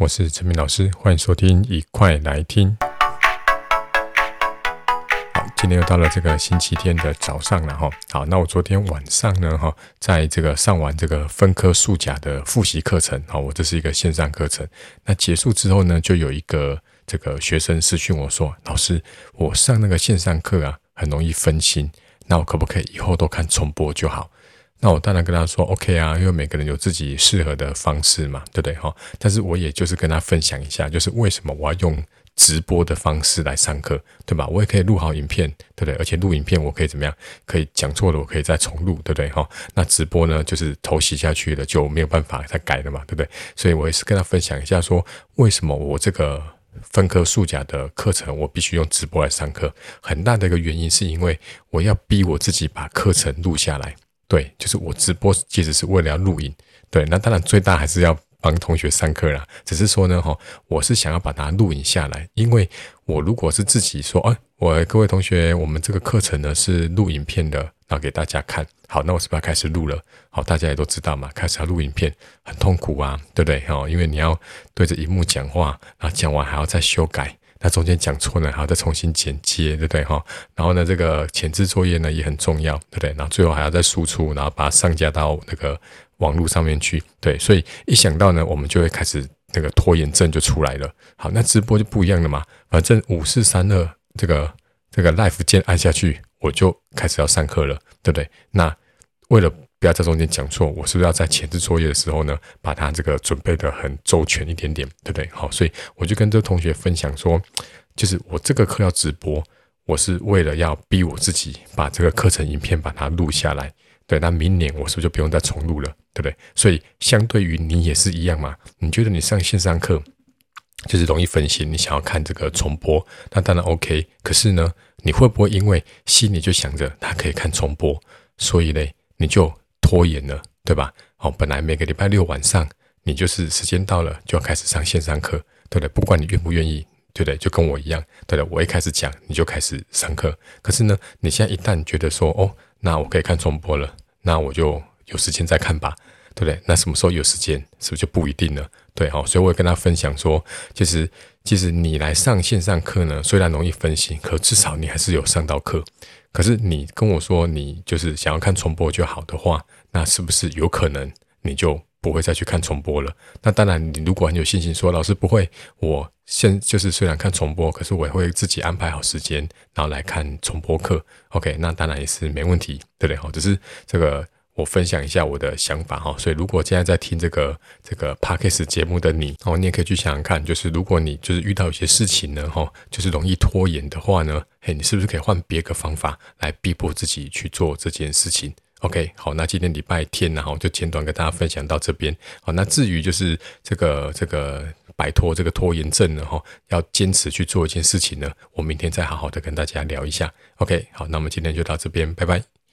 我是陳明老師，歡迎收聽，一塊來聽。好，今天又到了這個星期天的早上了哈。好，那我昨天晚上呢哈，在這個上完這個分科數甲的複習課程，好，我這是一個線上課程。那結束之後呢，就有一個這個學生私訊我說，老師，我上那個線上課啊，很容易分心，那我可不可以以後都看重播就好？那我當然跟他說 OK 啊，因為每個人有自己適合的方式嘛，對不對哈？但是我也就是跟他分享一下，就是為什麼我要用直播的方式來上課，對吧？我也可以錄好影片，對不對？而且錄影片我可以怎麼樣？可以講錯了，我可以再重錄，對不對哈？那直播呢，就是頭洗下去了，就沒有辦法再改了嘛，對不對？所以我也是跟他分享一下，說為什麼我這個分科數甲的課程，我必須用直播來上課，很大的一個原因是因為我要逼我自己把課程錄下來。對，就是我直播，其實是為了要錄影。對，那當然最大還是要幫同學上課啦。只是說呢，哈、哦，我是想要把它錄影下來，因為我如果是自己說，哎、啊，我各位同學，我們這個課程呢是錄影片的，然後給大家看。好，那我是不是要開始錄了？好、哦，大家也都知道嘛，開始要錄影片很痛苦啊，對不對？哈、哦，因為你要對着熒幕講話，然後講完還要再修改。那中間講錯呢，還要再重新剪接，對不對哈？然後呢，這個前置作業呢也很重要，對不對？然後最後還要再輸出，然後把它上架到那個網絡上面去。對，所以一想到呢，我們就會開始那個拖延症就出來了。好，那直播就不一樣了嘛，反正五四三二這個這個 live 鍵按下去，我就開始要上課了，對不對？那為了不要在中間講錯，我是不是要在前置作業的時候呢，把它這個準備得很周全一點點，對不對？好，所以我就跟這同學分享說，就是我這個課要直播，我是為了要逼我自己把這個課程影片把它錄下來，對，那明年我是不是就不用再重錄了，對不對？所以相對於你也是一樣嘛，你覺得你上線上課就是容易分心，你想要看這個重播，那當然 OK，可是呢，你會不會因為心裡就想着他可以看重播，所以嘞，你就。拖延了，對吧？好、哦，本來每個禮拜六晚上，你就是時間到了就要開始上線上課，對不對？不管你願不願意，對不對？就跟我一樣，對的。我一開始講，你就開始上課。可是呢，你現在一旦覺得說，哦，那我可以看重播了，那我就。有時間再看吧，對不對？那什麼時候有時間，是不是就不一定了？對，好，所以我也跟他分享說，其實其實你來上線上課呢，雖然容易分心，可至少你還是有上到課。可是你跟我說你就是想要看重播就好的話，那是不是有可能你就不會再去看重播了？那當然，你如果很有信心說老師不會，我現就是雖然看重播，可是我也會自己安排好時間，然後來看重播課。OK，那當然也是沒問題，對不對？好，只是這個。我分享一下我的想法哈，所以如果現在在聽這個這個 Podcast 節目的你，哦，你也可以去想想看，就是如果你就是遇到一些事情呢，哈，就是容易拖延的話呢，嘿，你是不是可以換別個方法來逼迫自己去做這件事情？OK，好，那今天禮拜天啊，然後就簡短跟大家分享到這邊。好，那至於就是這個這個擺脫這個拖延症呢，哈，要堅持去做一件事情呢，我明天再好好的跟大家聊一下。OK，好，那我們今天就到這邊，拜拜。